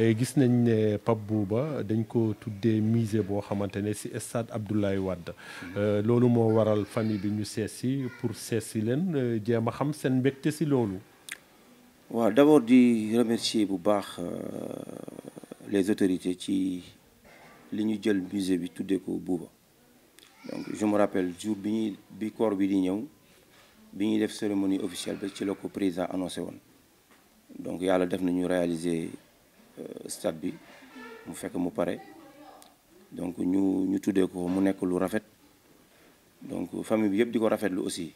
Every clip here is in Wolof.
Eh, gis nañ ne Pape Bouba dañ ko tuddee musée boo xamante ne si stade Abdoulaye Wade mm. eh, loolu moo waral famille bi ñu sees pour sees si leen eh, jéem a xam seen mbégte si loolu waaw d'abord di remercier bu baax euh, les autorités ci li ñu jël musée bi tuddee ko Bouba donc je me rappelle jour bi ñuy bi corps bi di ñëw bi ñuy def cérémonie officielle ba ci la ko président annoncé woon donc yàlla def nañu réaliser euh, stade bi mu fekk mu pare donc ñu ñu tuddee ko mu nekk lu rafet donc famille bi yëpp di ko rafetlu aussi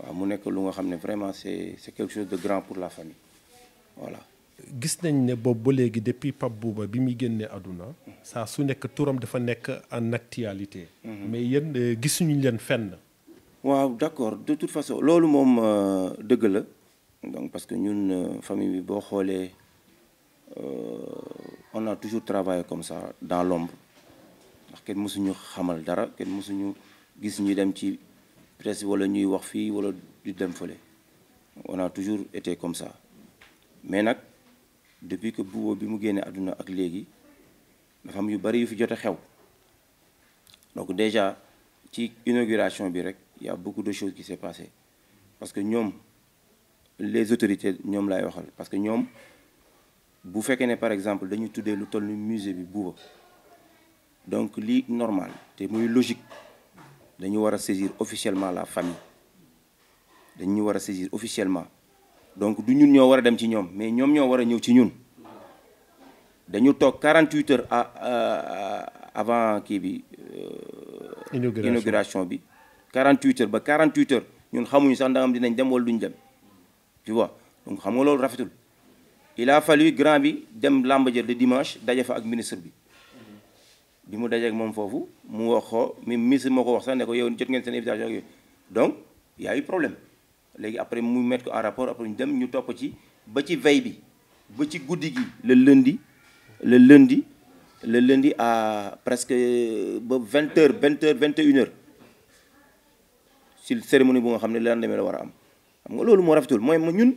waaw mu nekk lu nga xam vraiment c'est c'est quelque chose de grand pour la famille voilà. gis nañ ne boobu ba léegi depuis Pape Bouba bi muy génnee àdduna saa su nekk turam dafa nekk en actualité. Mhm. mais yéen euh, gisuñu leen fenn. waaw d'accord de toute façon loolu moom euh, dëgg la donc parce que ñun famille bi boo xoolee. Euh, on a toujours travaillé comme ça dans l'ombre ndax kenn nous xamal dara kenn mësuñu gis ñu dem ci presse wala ñuy wax fi wala du dem feulé. on a toujours été comme ça mais nak depuis que Bouba bi mu génné aduna ak légui, dafa am yu bari yu fi jotté xew donc déjà ci inauguration bi rek y a beaucoup de choses qui s'est passé parce que ñom les autorités ñom lay waxal parce que ñom bu fekkee par exemple dañu tuddee lu toll ni musée bi Bouba donc lii normal c'est muy logique dañu war saisir officiellement la famille dañu war saisir officiellement donc du ñun ñoo war dem ci mais nous ñoo war a ñëw ci ñun dañu 48 heures avant kii bi. Euh, inauguration bi 48 heures ba 48 heures ñun xamuñu sax ndax am dinañ dem wala duñ dem tu vois donc xam nga loolu rafetul il a fallu grand bi dem lambe le dimanche daje fa ak ministre bi bi mu dajeek mom fofu mu waxo mi ministre mako wax sax ne ko yow jot ngeen sen invitation ak yooyu y a eu problème légui après mu mettre ko en rapport après ñu dem ñu top ci ba ci veille bi ba ci goudi gi le lundi le lundi le lundi à presque ba vingt heures 20 heures 21 heures si cérémonie bu nga xam la le la wara am xam nga lolu mo rafetul moy ñun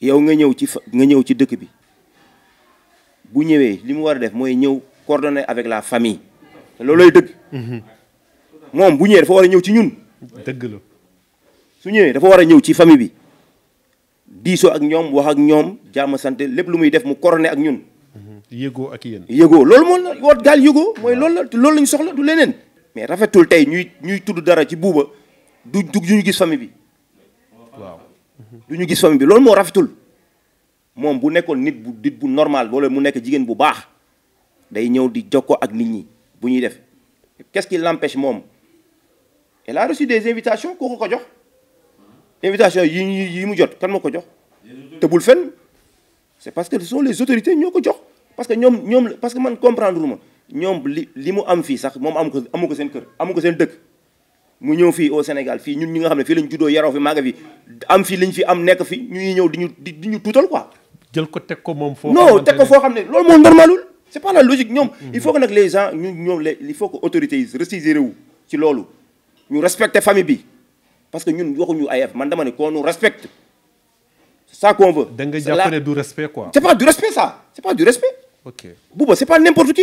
yow nga ñëw ci nga ñëw ci dëkk bi bu ñëwee li mu war a def mooy ñëw coordonner avec la famille te loolooy dëgg. Mhm. moom bu ñëwee dafa war a ñëw ci ñun. dëgg la su ñëwee dafa war a ñëw ci famille bi diisoo ak ñoom wax ak ñoom jàmm sant lépp lu muy def mu coordonner ak ñun. Mhm. yëgoo ak yéen. yëgoo loolu moom la woot gaal yëgoo mooy loolu la loolu lañu soxla du leneen. mais rafetul tey ñuy ñuy tudd dara ci buuba du du ñu gis famille bi waaw duñu gis famille bi loolu moo rafetul moom bu nekkoon nit bu nit bu normal wala mu nekk jigéen bu baax day ñëw di jokkoo ak nit ñi bu ñuy def qu'est-ce qui l'empêche moom elle a reçu des invitations kooku ko jox invitation yi yi mu jot kan moo ko jox te bul fenn c'est parce que ce sont les autorités ñoo ko jox parce que ñoom ñoom parce que man comprendre ma ñoom li li mu am fii sax moom amu ko amu ko seen kër amu ko seen dëkk mu sommes au Sénégal nous sommes ñi nga nous sommes au fi fi fi am qui fi quoi. non pas la logique il faut que les gens les il faut que autorités restent wu ci loolu famille parce que nous c'est ça qu'on veut. da du respect quoi. C'est pas du respect ça C'est pas du respect. ok Bouba c'est pas n'importe qui.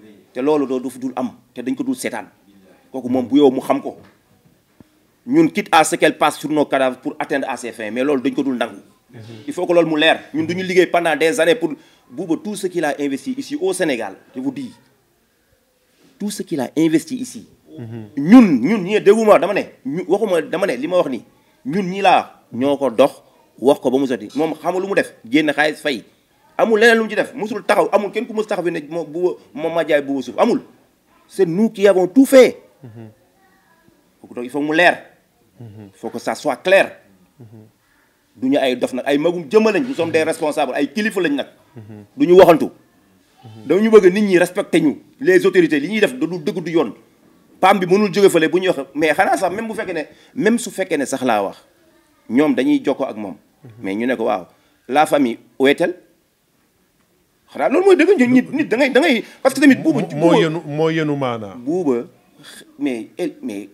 té loolu do do dul am té dañ ko dul sétane kooku mom bu yow mu xam ko ñun quitte à ce qu'elle passe sur nos cadavres pour atteindre à ses fins mais loolu dañ ko dul nangu. il faut que loolu mu pendant des années pour tout ce qu'il a investi ici au Sénégal je vous dis tout ce qu'il a investi ici. ñun ñun dama ne waxuma dama né lima wax ni ñun ñi la ñoko dox wax ko ba mu lu mu def amul leneen lu ci def musul taxaw amul kenn ku mos taxaw ne ma bu ma jaay bu suuf amul c'est nous qui avons tout fait. donc mm-hmm. il faut mu leer. il mm-hmm. faut que ça soit clair. Mm-hmm. du ñu ay dof nak ay magum jëma lañ nous sommes des responsables ay kilifa lañ nag. duñu ñu waxantu. dañu bëgg nit ñi respecté ñu les autorités li ñi def du deug du yoon. PAM bi mënul jóge fële buñu wax mais xana sax même bu fekkee né même su fekkee né sax la wax ñom dañuy joko ak mom mais ñu né ko waaw la famille wétal xanaa loolu mooy dëgg nit nit da ngay da ngay parce que tamit. buuba moo yenu moo yenu maanaa. buuba mais eh, mais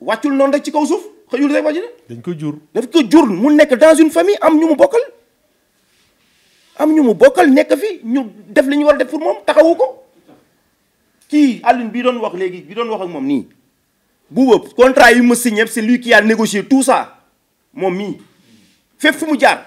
wàccul noonu rek ci kaw suuf xëyul rek wàcc na. dañ ko jur. daf ko jur mu nekk dans une famille am ñu mu bokkal am ñu mu bokkal nekk fi ñu def li ñu war a def pour moom taxawu ko kii Alioune bi doon wax léegi bi doon wax ak moom nii. buuba contrat yi ma signé c'est lui qui a négocié tout ça moom mii fépp fu mu jaar.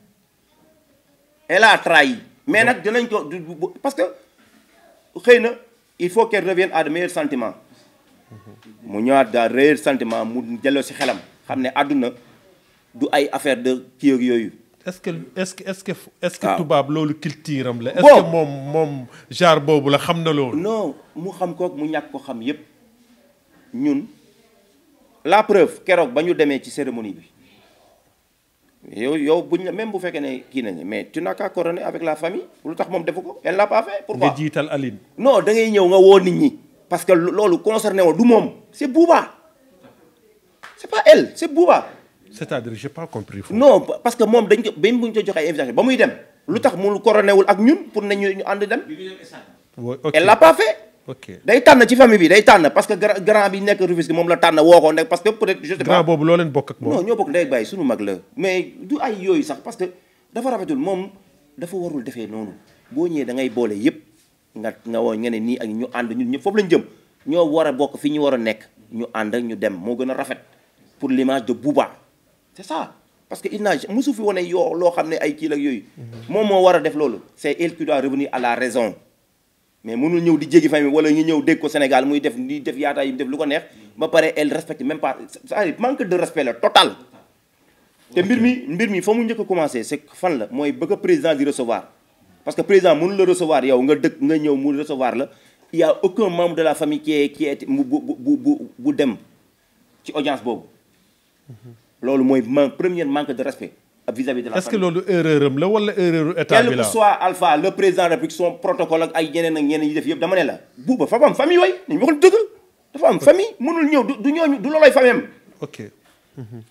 elle a trahi. Mais nak dinañ ko parce que xeyna il faut qu'elle revienne à de meilleurs sentiments. mu ñëwaat da réel sentiments mu jëloo si xelam xamné aduna du ay affaire de kii ak est-ce que est-ce que est-ce que est-ce que ah. tubaab lolu culture am la. est-ce que mom mom jar bobu la xamna lolu non mu xam ko mu ñak ko xam yépp ñun la preuve kérok bañu démé ci cérémonie bi yo yow buñ même bu faites ne kii mais tu n'as qu'à coroner avec la famille lu tax moom elle l'a pas fait pourquoi nga Aline non da ngay ñew nga wo nit ñi parce que lolu concerné woon du mom c'est Bouba c'est pas elle c'est Bouba c'est-à-dire j'ai pas compris non parce que mom dañ ben bañ buñ ko joxe invitation ba muy dem lutax tax mu couronné wul ak ñun pour nañu ñu and dem elle l'a pas fait ok day tànn ci famille bi day tànn parce que grand bi nekk Rufisque moom la tànn woo ko nekk parce que peut être je sais pas. grand boobu loo leen bokk ak moom non ñoo bokk ndey bàyyi suñu mag la mais du ay yooyu sax parce que dafa rafetul moom dafa warul defee noonu boo ñëwee da ngay boole yëpp nga nga woo nga ne nii ak ñu ànd ñun ñëpp foofu lañ jëm ñoo war a bokk fi ñu war a nekk ñu ànd ñu dem moo gën a rafet pour l'image de Bouba c'est ça parce que il n'a musu fi wane yoo loo xam ne ay kii la ak yooyu mhm. moom moo war a def loolu c'est il qui doit revenir à la raison mais mënul ñëw di jéggi famille wala ñu ñëw dégg ko Sénégal muy def ni def yaata yi def lu ko neex ba paré elle respecte même pas c'est-à-dire manque de respect la total te mbir mi mbir mi fa mu njëkk commencé c'est fan la moy bëgg président di recevoir parce que président mënul le recevoir yow nga dëkk nga ñëw mu recevoir la il y a aucun membre de la famille qui est qui est bu bu bu dem ci audience bobu mhm. lolu moy man premier manque de respect vis-à-vis de la. est-ce que loolu erreur am la wala erreur état bi quel que soit alpha le président de la République son protocole ak ay yeneen ak ñeneen yi def yëpp dama ne la. buuba fa am famille way nañu waxul dëgg dafa am famille mënul ñëw du du ñooñu du looloy famille ok. Mhm.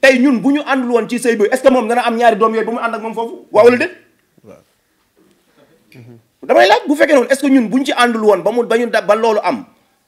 tey ñun bu ñu àndul woon ci sëy bi est-ce que moom dana am ñaari doom yooyu bu mu ànd ak moom foofu waaw wala déet. damay laaj bu fekkee noonu est-ce que ñun buñ ci àndul woon ba mu ba ñu ba loolu am.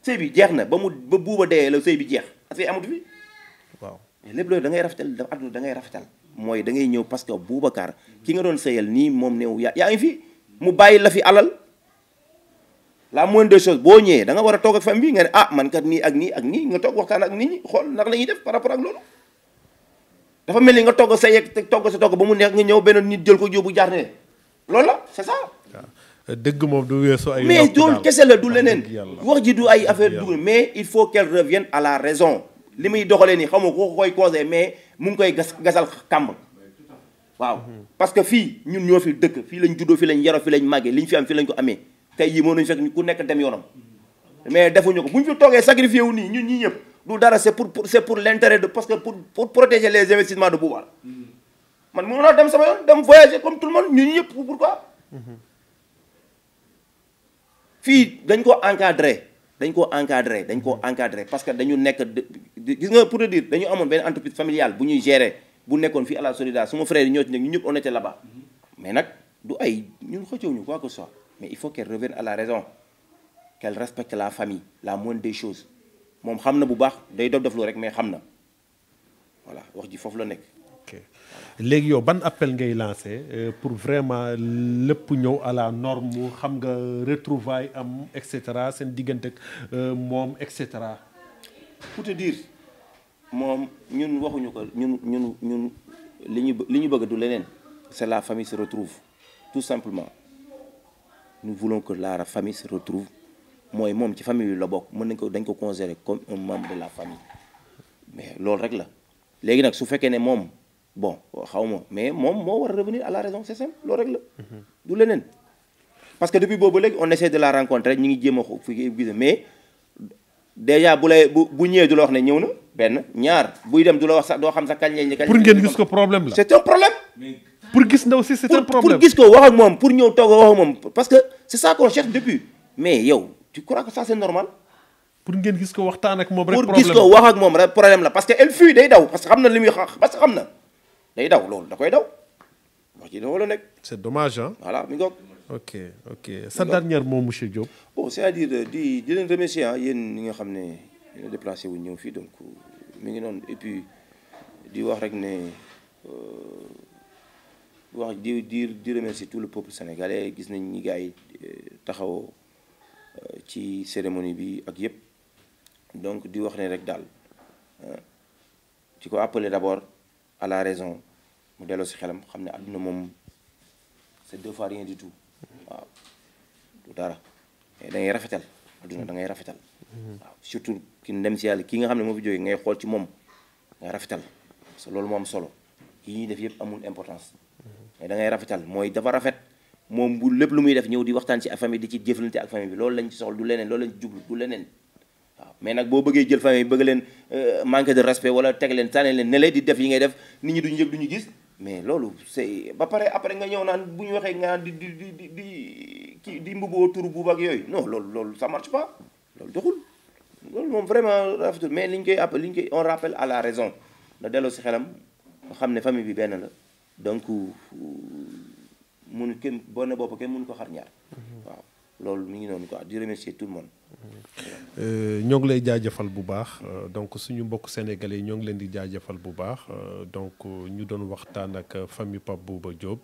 sëy bi jeex na ba mu ba buuba dee la sëy bi jeex affaire amatu fi waaw mais lépp loolu da ngay rafetal da àdduna da ngay rafetal mooy da ngay ñëw parce que Boubacar ki nga doon sëyal nii moom néew yaa ngi fi mu bàyyi la fi alal la moindre des choses boo ñëwee da nga war a ak fam bi nga ah man kat nii ak nii ak nii nga toog waxtaan ak nit ñi xool naka la ñuy def par rapport ak loolu dafa mel ni nga togg sa yegg togg sa togg ba mu neex nga ñëw benn nit jël ko yóbbu jaar ne c'est ça dëgg moom du weesu ay. mais dool kese la du leneen wax ji du ay affaire mais il faut qu'elle revienne à la raison Les muy doxalee nii xam nga koo koy mais mon ngi koy gas gasal waaw parce que fii ñun ñoo fi dëkk fii lañ juddoo fii lañ yaroo fii lañ màggee liñ fi am fii lañ ko amee tey yii moo nañu fekk ku nekk dem yoonam mais defuñu ko bu ñu fi toogee sacrifié wu nii ñun ñii ñëpp du dara c'est pour c'est pour l'intérêt de parce que pour pour protéger les investissements de Bouba man mënoon dem sama yoon dem voyager comme tout le monde ñun ñii ñëpp pourquoi fii dañ ko encadré dañ ko encadré dañ ko encadré parce que dañu nekk gis nga pour dire dañu amoon benn entreprise familiale bu ñuy gérer bu nekkoon fii à la solidarité suma frère yi ñoo ci nekk ñëpp on était là-bas mais nag du ay ñun ñu quoi que ce soit mais il faut qu'elle revienne à la raison qu'elle respecte la famille la moindre des choses moom xam na bu baax day dof doflu rek mais xam na voilà wax ji foofu la nekk léegi yow ban appel ngay lancer euh, pour vraiment lepp ñëw à la norme xam nga retrouvaille am et cetera seen diggante ak euh, moom et cetera. pour te dire mom ñun waxuñu ko ñun ñun ñun liñu liñu bëgg du leneen c'est la famille se retrouve tout simplement nous voulons que la famille se retrouve moy mom ci famille la bok mën ko dañ ko considérer comme un membre de la famille mais lool rek la légui nak su fekkee ne moom bon xaw mais mom mo war revenir à la raison c'est simple lo règle mhm. du leneen parce que depuis boobu leg on essaie de la rencontrer ñi ngi jema a fi mais déjà bu lay bu bu du la wax né ñëw na benn ñaar buy dem du la wax sax do xam sax kañ lañ. pour ngeen gis ko problème la. c'est un problème. pour gis ndaw si c'est un problème pour gis ko wax ak mom pour ñëw togo wax ak parce que c'est ça qu'on cherche depuis mais yow tu crois que ça c'est normal. pour ngeen gis ko waxtaan ak mom rek. problème pour gis ko wax ak mom rek problème la parce que elle fuit day daw parce que xamna limuy xax parce que xamna day daw loolu da koy daw wax ji loolu nekk. c'est dommage hein. voilà mi ok ok sa dernière mot monsieur Diop. bon c'est-à-dire di di remercier hein. ah yéen ñi nga xam ne yéen a déplacé wu ñëw fii donc mi ngi noonu et puis di wax rek ne euh, wax di di di remercier tout le peuple sénégalais gis nañ ñi gars yi euh, euh, ci cérémonie bi ak yépp donc di wax ne rek daal hein, ci ko appeler d'abord à la raison. mu delloo si xelam xam ne àdduna moom c'est deux fois rien du tout waaw du dara da ngay rafetal àdduna da ngay rafetal waaw surtout ki ndem si yàlla kii nga xam ne moo fi jógee ngay xool ci moom nga rafetal parce que loolu moo am solo yi ñuy def yëpp amul importance mais da ngay rafetal mooy dafa rafet moom bu lépp lu muy def ñëw di waxtaan ci ak famille di ci jëflante ak famille bi loolu lañ ci soxla du leneen loolu lañ ci jublu du leneen mais nag boo bëggee jël famille bëgg leen manque de respect wala teg leen tànne leen ne leen di def yi ngay def nit ñi duñu yëg duñu gis mais lolou c'est ba paré après nga ñëw naan bu waxé nga di di di di kii di mbubu tur buub ak yoy non lolou lolou ça marche pas lolou doxul lolou moom vraiment rafetul mais liñ koy appel liñ koy on rappelle à la raison na delloo si xelam xamné famille bi benn la donc euh, mun kenn bonne bopp kenn mënu ko xar ñaar mhm. waaw lolou mi ngi noonu quoi di remercier tout le monde Euh, ñoo ngi lay jaajëfal bu baax euh, donc suñu mbokk sénégalais yi ñoo ngi leen di jaajëfal bu baax euh, donc ñu doon waxtaan ak famille Pape Bouba Diop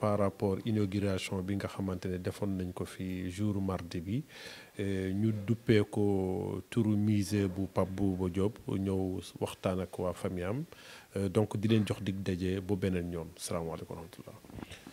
par rapport inauguration bi nga xamante ne defoon nañ ko fi jour mardi bi ñu duppee ko turu musée bu Pape Bouba Diop ñëw waxtaan ak waa fami am donc di leen jox dig daje bu beneen ñoom salaamaaleykum wa rahmatullah